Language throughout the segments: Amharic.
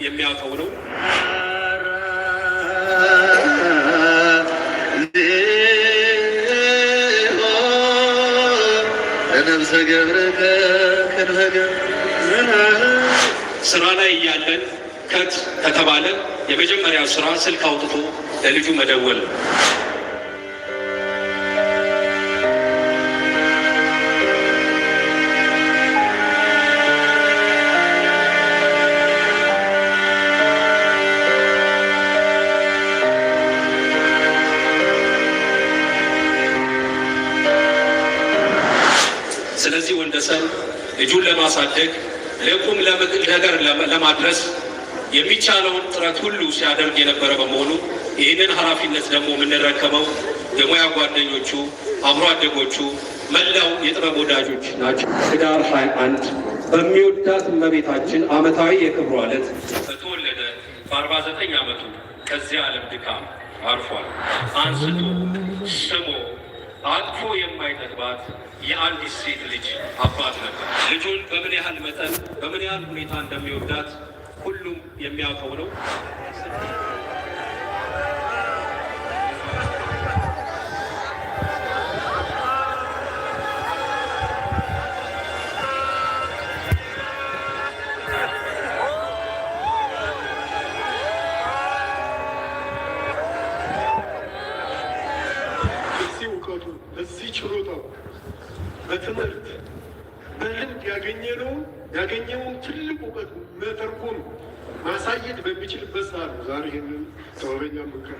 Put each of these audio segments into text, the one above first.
ነው። ስራ ላይ እያለን ከት ከተባለ የመጀመሪያ ስራ ስልክ አውጥቶ ለልጁ መደወል መልሰን ልጁን ለማሳደግ ለቁም ነገር ለማድረስ የሚቻለውን ጥረት ሁሉ ሲያደርግ የነበረ በመሆኑ ይህንን ኃላፊነት ደግሞ የምንረከመው የሙያ ጓደኞቹ፣ አብሮ አደጎቹ፣ መላው የጥበብ ወዳጆች ናቸው። ህዳር 21 በሚወዳት እመቤታችን ዓመታዊ የክብሩ ዕለት በተወለደ በ49 ዓመቱ ከዚያ ዓለም ድካም አርፏል። አንስቶ ስሞ አልፎ የማይጠግባት የአንዲት ሴት ልጅ አባት ነበር። ልጁን በምን ያህል መጠን በምን ያህል ሁኔታ እንደሚወዳት ሁሉም የሚያውቀው ነው። ትምህርት በልምድ ነው ያገኘውን ትልቅ እውቀት መተርጎም ማሳየት በሚችልበት ሰዓት ነው ዛሬ ይህንን ጥበበኛ ምክር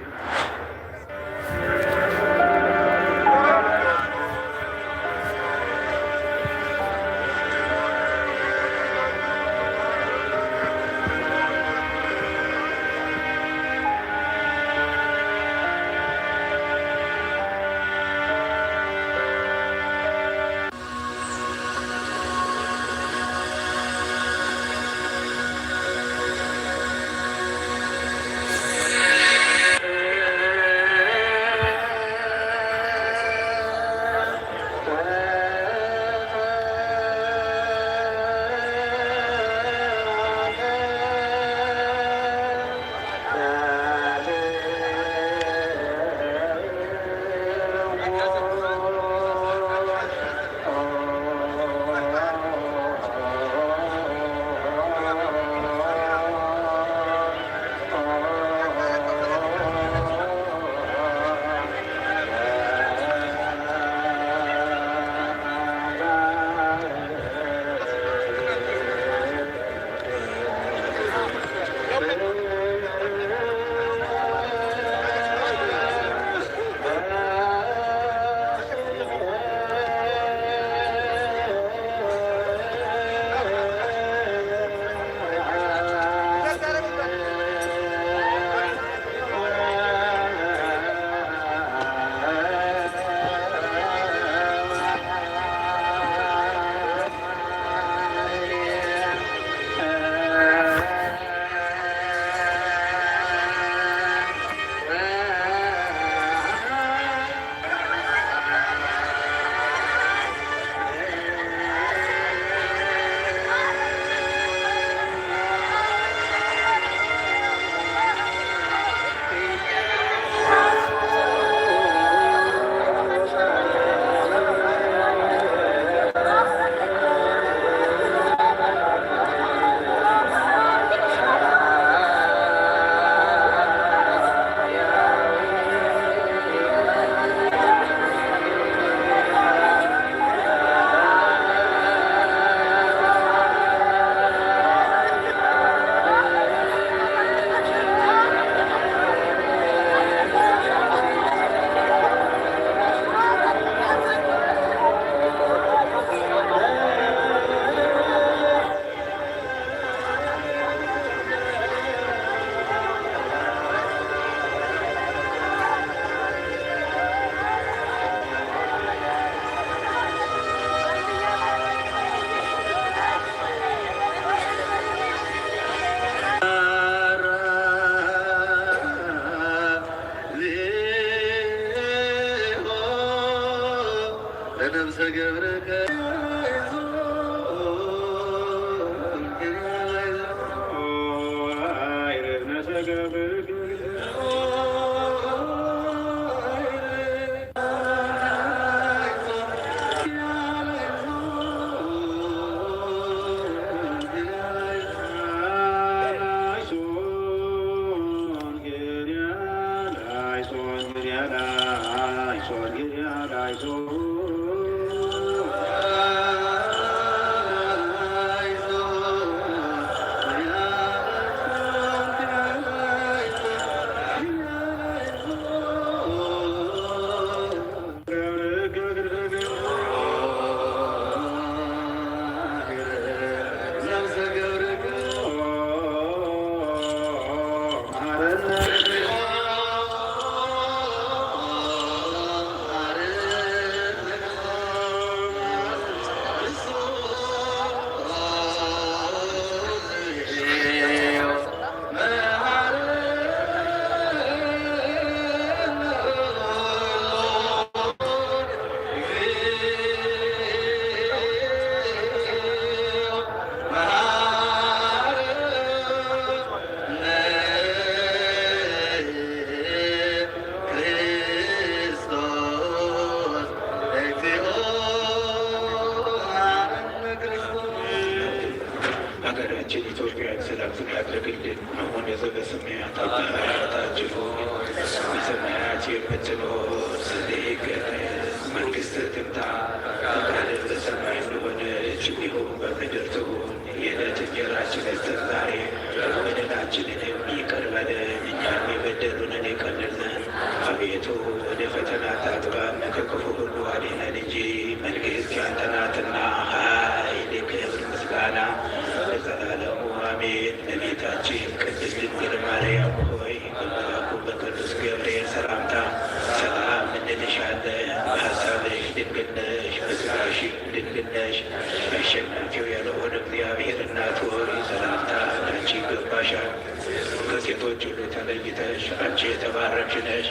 ነሽ፣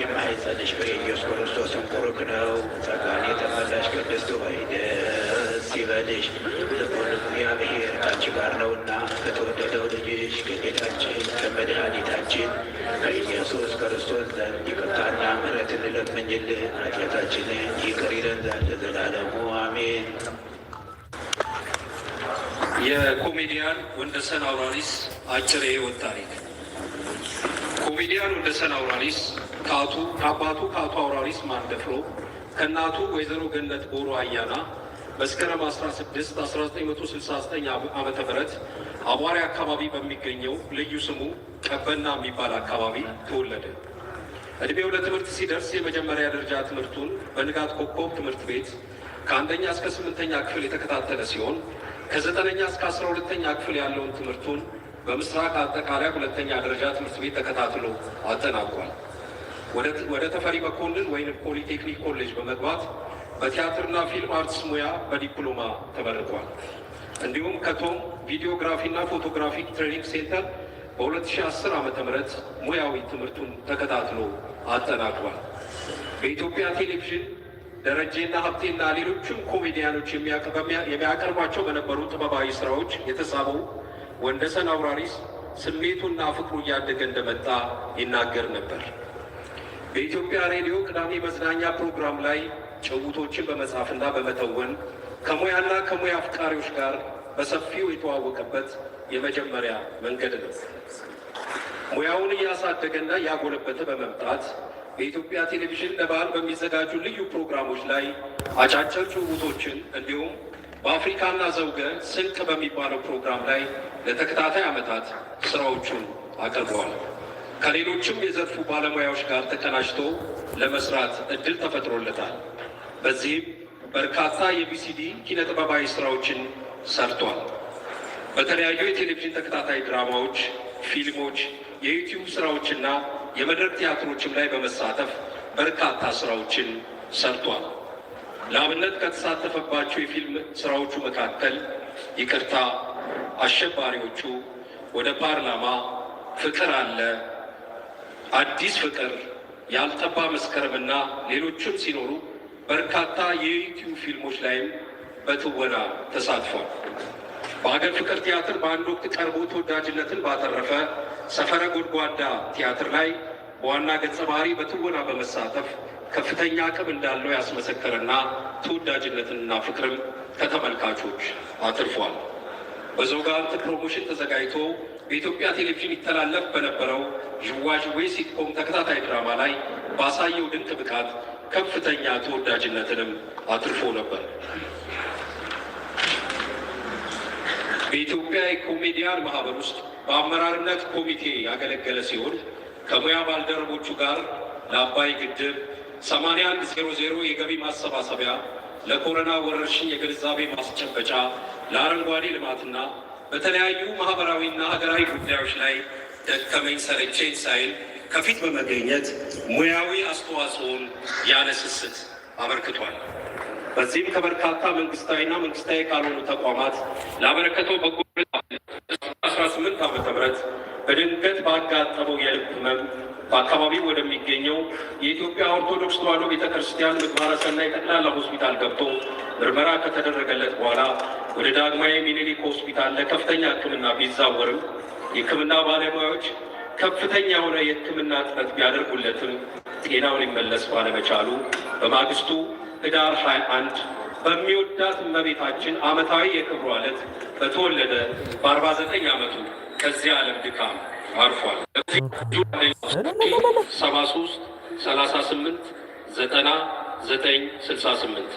የማኅፀንሽ በኢየሱስ ኢየሱስ ክርስቶስ ቡሩክ ነው። ጸጋን የተመላሽ ቅድስት ሆይ ደስ ይበልሽ፣ ልቡንም እግዚአብሔር ካንቺ ጋር ነውና ከተወደደው ልጅሽ ከጌታችን ከመድኃኒታችን ከኢየሱስ ክርስቶስ ዘንድ ይቅርታና ምሕረትን እንለምኝልን ኃጢአታችንን ይቅር ይለን ዘንድ ለዘላለሙ አሜን። የኮሜዲያን ወንደሰን አውራሪስ አጭር የሕይወት ታሪክ ኮሜዲያን ወደሰን አውራሪስ ከአቶ ከአባቱ ከአቶ አውራሪስ ማንደፍሮ ከእናቱ ወይዘሮ ገነት ቦሮ አያና መስከረም 16 1969 ዓመተ ምህረት አቧሪ አካባቢ በሚገኘው ልዩ ስሙ ቀበና የሚባል አካባቢ ተወለደ። እድሜው ለትምህርት ሲደርስ የመጀመሪያ ደረጃ ትምህርቱን በንጋት ኮከብ ትምህርት ቤት ከአንደኛ እስከ ስምንተኛ ክፍል የተከታተለ ሲሆን ከዘጠነኛ እስከ አስራ ሁለተኛ ክፍል ያለውን ትምህርቱን በምስራቅ አጠቃላይ ሁለተኛ ደረጃ ትምህርት ቤት ተከታትሎ አጠናቋል። ወደ ተፈሪ መኮንን ወይም ፖሊቴክኒክ ኮሌጅ በመግባት በቲያትርና ፊልም አርትስ ሙያ በዲፕሎማ ተመርቋል። እንዲሁም ከቶም ቪዲዮግራፊና ፎቶግራፊክ ትሬኒንግ ሴንተር በ2010 ዓ ም ሙያዊ ትምህርቱን ተከታትሎ አጠናቋል። በኢትዮጵያ ቴሌቪዥን ደረጀና ሀብቴና ሌሎችም ኮሜዲያኖች የሚያቀርቧቸው በነበሩ ጥበባዊ ስራዎች የተሳበው ወንደሰን አውራሪስ ስሜቱና ፍቅሩ እያደገ እንደመጣ ይናገር ነበር። በኢትዮጵያ ሬዲዮ ቅዳሜ መዝናኛ ፕሮግራም ላይ ጭውቶችን በመጻፍና በመተወን ከሙያና ከሙያ አፍቃሪዎች ጋር በሰፊው የተዋወቀበት የመጀመሪያ መንገድ ነው። ሙያውን እያሳደገና እያጎለበተ በመምጣት በኢትዮጵያ ቴሌቪዥን ለበዓል በሚዘጋጁ ልዩ ፕሮግራሞች ላይ አጫጭር ጭውቶችን እንዲሁም በአፍሪካና ዘውገ ስልክ በሚባለው ፕሮግራም ላይ ለተከታታይ ዓመታት ስራዎቹን አቅርበዋል። ከሌሎችም የዘርፉ ባለሙያዎች ጋር ተቀናጅቶ ለመስራት እድል ተፈጥሮለታል። በዚህም በርካታ የቢሲዲ ኪነጥበባዊ ስራዎችን ሰርቷል። በተለያዩ የቴሌቪዥን ተከታታይ ድራማዎች፣ ፊልሞች፣ የዩቲዩብ ስራዎችና የመድረክ ቲያትሮችም ላይ በመሳተፍ በርካታ ስራዎችን ሰርቷል። ለአብነት ከተሳተፈባቸው የፊልም ስራዎቹ መካከል ይቅርታ፣ አሸባሪዎቹ፣ ወደ ፓርላማ፣ ፍቅር አለ፣ አዲስ ፍቅር፣ ያልጠባ መስከረምና ሌሎችም ሲኖሩ በርካታ የዩቲዩብ ፊልሞች ላይም በትወና ተሳትፏል። በሀገር ፍቅር ቲያትር በአንድ ወቅት ቀርቦ ተወዳጅነትን ባተረፈ ሰፈረ ጎድጓዳ ቲያትር ላይ በዋና ገጸ ባህሪ በትወና በመሳተፍ ከፍተኛ አቅም እንዳለው ያስመሰከረና ተወዳጅነትንና ፍቅርም ከተመልካቾች አትርፏል። በዞጋንት ፕሮሞሽን ተዘጋጅቶ በኢትዮጵያ ቴሌቪዥን ይተላለፍ በነበረው ዥዋዥዌ ሲትኮም ተከታታይ ድራማ ላይ ባሳየው ድንቅ ብቃት ከፍተኛ ተወዳጅነትንም አትርፎ ነበር። በኢትዮጵያ የኮሜዲያን ማህበር ውስጥ በአመራርነት ኮሚቴ ያገለገለ ሲሆን ከሙያ ባልደረቦቹ ጋር ለአባይ ግድብ 8100 የገቢ ማሰባሰቢያ ለኮረና ወረርሽኝ የግንዛቤ ማስጨበጫ ለአረንጓዴ ልማትና በተለያዩ ማህበራዊና ሀገራዊ ጉዳዮች ላይ ደከመኝ ሰለቸኝ ሳይል ከፊት በመገኘት ሙያዊ አስተዋጽኦን ያለ ስስት አበርክቷል። በዚህም ከበርካታ መንግስታዊና መንግስታዊ ካልሆኑ ተቋማት ላበረከተው በጎ 18 ዓመተ ምህረት በድንገት ባጋጠመው የልብ ህመም በአካባቢው ወደሚገኘው የኢትዮጵያ ኦርቶዶክስ ተዋሕዶ ቤተ ክርስቲያን ምግባረ ሰናይ ጠቅላላ ሆስፒታል ገብቶ ምርመራ ከተደረገለት በኋላ ወደ ዳግማዊ ሚኒሊክ ሆስፒታል ለከፍተኛ ሕክምና ቢዛወርም የሕክምና ባለሙያዎች ከፍተኛ የሆነ የሕክምና ጥረት ቢያደርጉለትም ጤናውን ይመለስ ባለመቻሉ በማግስቱ ህዳር 21 በሚወዳት እመቤታችን ዓመታዊ የክብሩ ዕለት በተወለደ በ49 ዓመቱ ከዚያ ዓለም ድካም አርፏል። ሰባ ሶስት ሰላሳ ስምንት ዘጠና ዘጠኝ ስልሳ ስምንት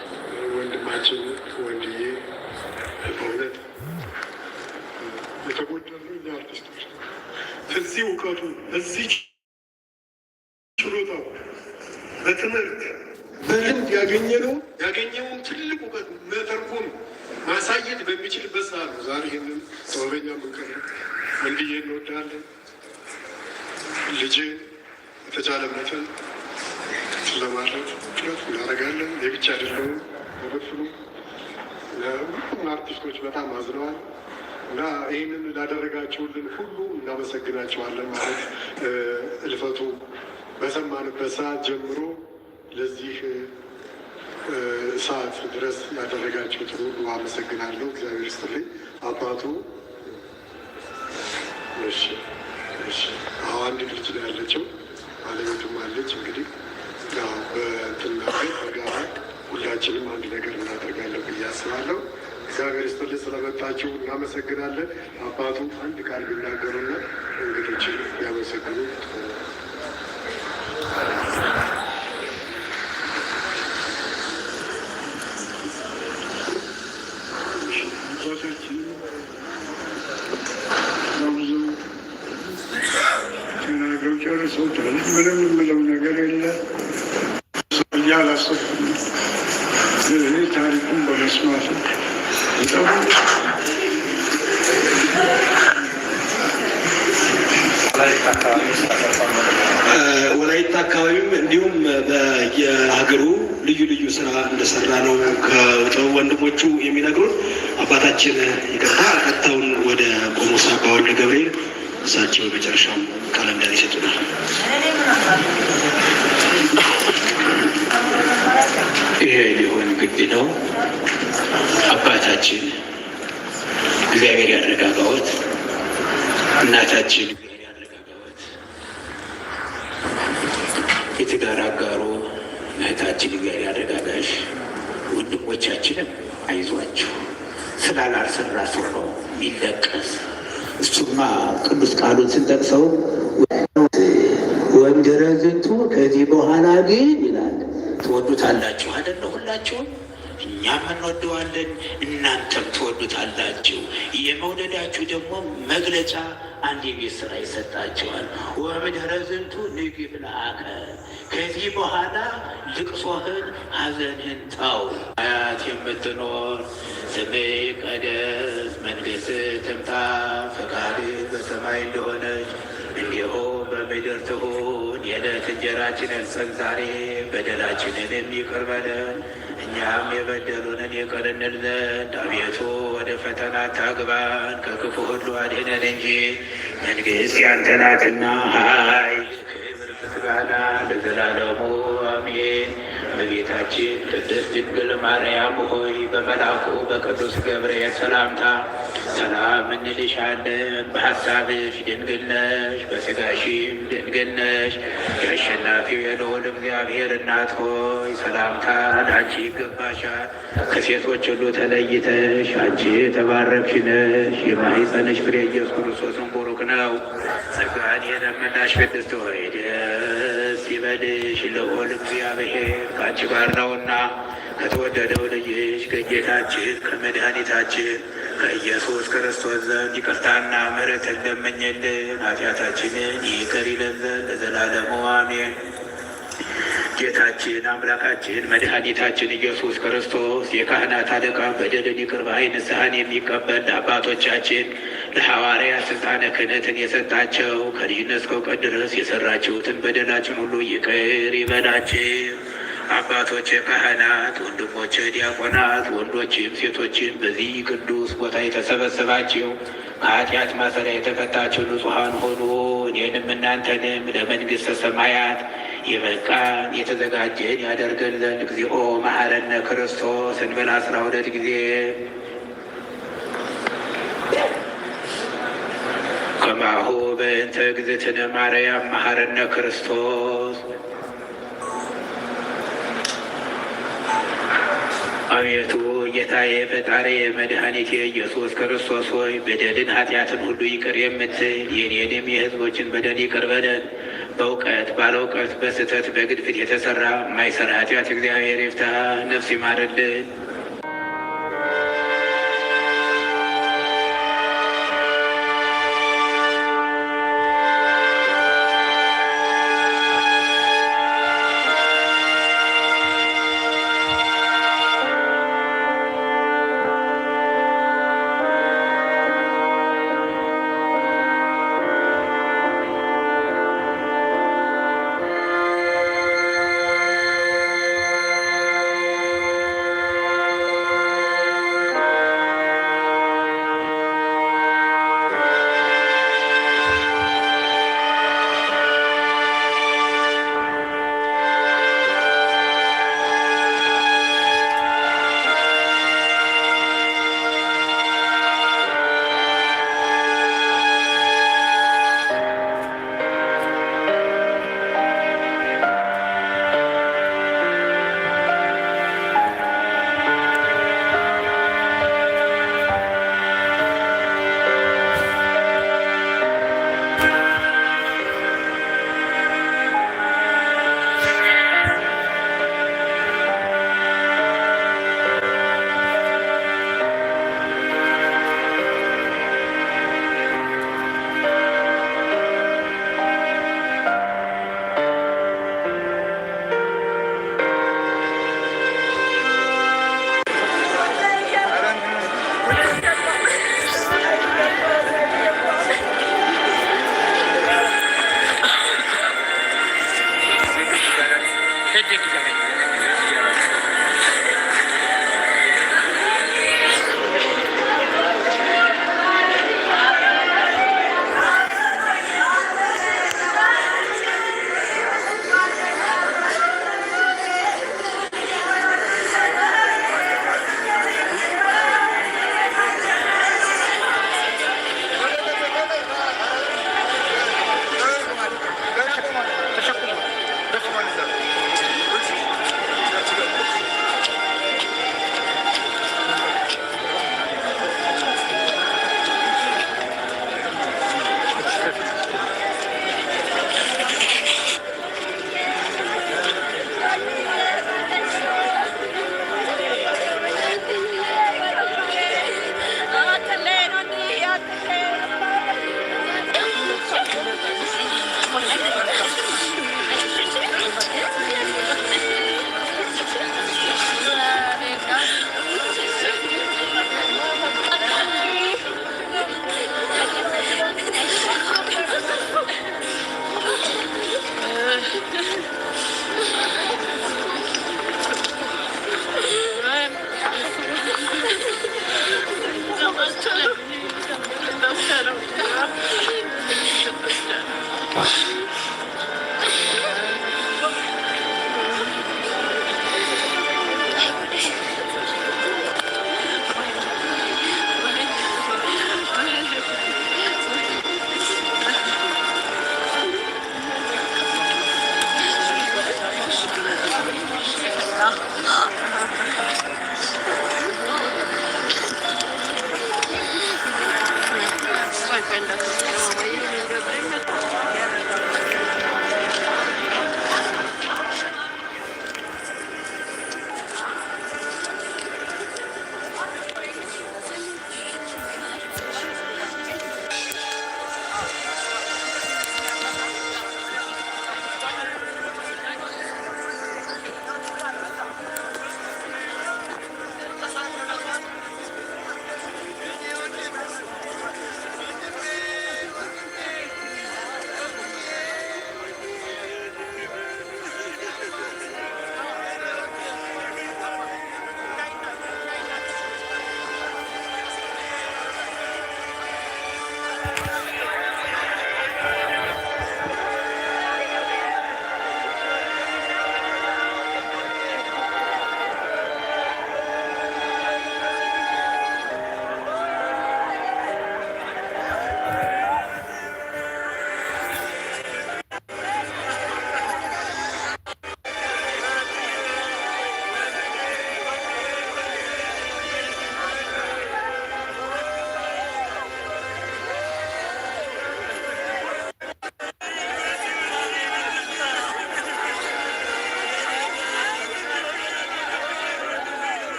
ወንድማችን ወንድዬ በእውነት የተጎዳሉ እኛ አርቲስቶች እዚህ እውቀቱ እዚህ ችሎታው በትምህርት በልምድ ያገኘነው ያገኘውን ትልቅ እውቀት መተርጎም ማሳየት በሚችልበት ሰዓት ነው ዛሬ ይህንን ጥበበኛ ምንቀር ወንድዬ እንወዳለን። ልጅ የተቻለ መጠን ለማድረግ ጥረት እናደርጋለን። የብቻ አይደለሁም። በበኩሉ ሁሉም አርቲስቶች በጣም አዝነዋል እና ይህንን ላደረጋችሁልን ሁሉ እናመሰግናችኋለን ማለት እልፈቱ በሰማንበት ሰዓት ጀምሮ ለዚህ ሰዓት ድረስ ያደረጋችሁትን ሁሉ አመሰግናለሁ። እግዚአብሔር ይስጥልኝ አባቱ እሺ አሁን አንድ ልጅ ነው ያለችው፣ ባለቤቱም አለች። እንግዲህ ያው በትና በጋራ ሁላችንም አንድ ነገር እናደርጋለን ብዬ አስባለሁ። እግዚአብሔር ይስጥልኝ፣ ስለመጣችሁ እናመሰግናለን። አባቱ አንድ ቃል ቢናገሩና እንግዶችን ያመሰግኑ የነበረው አባታችን እግዚአብሔር ያረጋጋዎት፣ እናታችን እግዚአብሔር ያረጋጋዎት፣ የትዳር አጋሮ እህታችን እግዚአብሔር ያረጋጋሽ፣ ወንድሞቻችንም አይዟችሁ ስላላልሰራ ሰው ነው የሚለቀስ። እሱማ ቅዱስ ቃሉን ስንጠቅሰው ወንድ ረግቱ ከዚህ በኋላ ግን ይላል ትወዱታላችሁ አይደለ ሁላችሁም እኛም እንወደዋለን፣ እናንተም ትወዱታላችሁ። የመውደዳችሁ ደግሞ መግለጫ አንድ የቤት ስራ ይሰጣቸዋል። ወምድረ ዝንቱ ንግብ ለአከ ከዚህ በኋላ ልቅሶህን ሐዘንህን ተው። አያት የምትኖር ስምህ ይቀደስ፣ መንግሥትህ ትምጣ፣ ፈቃድህ በሰማይ እንደሆነች እንዲሁ በምድር ትሁን። የዕለት እንጀራችንን ስጠን ዛሬ፣ በደላችንን ይቅር በለን እኛም የበደሉንን ይቅር እንል ዘንድ አቤቱ ወደ ፈተና ታግባን ከክፉ ሁሉ አድነን እንጂ መንግሥት ያንተ ናትና ኃይል፣ ክብር፣ ምስጋና ለዘላለሙ አሜን። እመቤታችን ቅድስት ድንግል ማርያም ሆይ በመልአኩ በቅዱስ ገብርኤል ሰላምታ ሰላም እንልሻለን። በሀሳብሽ ድንግል ነሽ፣ በሥጋሽም ድንግል ነሽ። የአሸናፊው የልዑል እግዚአብሔር እናት ሆይ ሰላምታ አንቺ ይገባሻል። ከሴቶች ሁሉ ተለይተሽ አንቺ የተባረክሽ ነሽ። የማኅፀንሽ ፍሬ ኢየሱስ ክርስቶስን ቡሩክ ነው። ጸጋን የለመናሽ ቅድስት ሆይ ይበልሽ ልዑል እግዚአብሔር ከአንቺ ጋር ነውና ከተወደደው ልጅሽ ከጌታችን ከመድኃኒታችን ከኢየሱስ ክርስቶስ ዘንድ ይቅርታና ምሕረት እንደምኝልን ኃጢአታችንን ይቅር ይለን ዘንድ ለዘላለሙ አሜን። ጌታችን አምላካችን መድኃኒታችን ኢየሱስ ክርስቶስ የካህናት አለቃ በደልን ይቅር ባይ ንስሐን የሚቀበል አባቶቻችን ለሐዋርያ ስልጣነ ክህነትን የሰጣቸው ከልጅነት እስከ እውቀት ድረስ የሰራችሁትን በደላችን ሁሉ ይቅር ይበላችሁ። አባቶች ካህናት፣ ወንድሞች ዲያቆናት፣ ወንዶችም ሴቶችም በዚህ ቅዱስ ቦታ የተሰበሰባችሁ ከኃጢአት ማሰሪያ የተፈታችሁ ንጹሐን ሆኑ እኔንም እናንተንም ለመንግሥተ ሰማያት የበቃን የተዘጋጀን ያደርገን ዘንድ እግዚኦ መሐረነ ክርስቶስ እንበል አስራ ሁለት ጊዜ ከማሁ በእንተ እግዝእትነ ማርያም መሐረነ ክርስቶስ አቤቱ ጌታዬ ፈጣሪዬ መድኃኒቴ ኢየሱስ ክርስቶስ ሆይ በደልን ኃጢአትን ሁሉ ይቅር የምትል የኔንም የሕዝቦችን በደል ይቅር በለን በእውቀት ባለእውቀት በስህተት በግድፍት የተሰራ ማይሰራ ኃጢአት እግዚአብሔር ይፍታ። ነፍስ ይማርልን።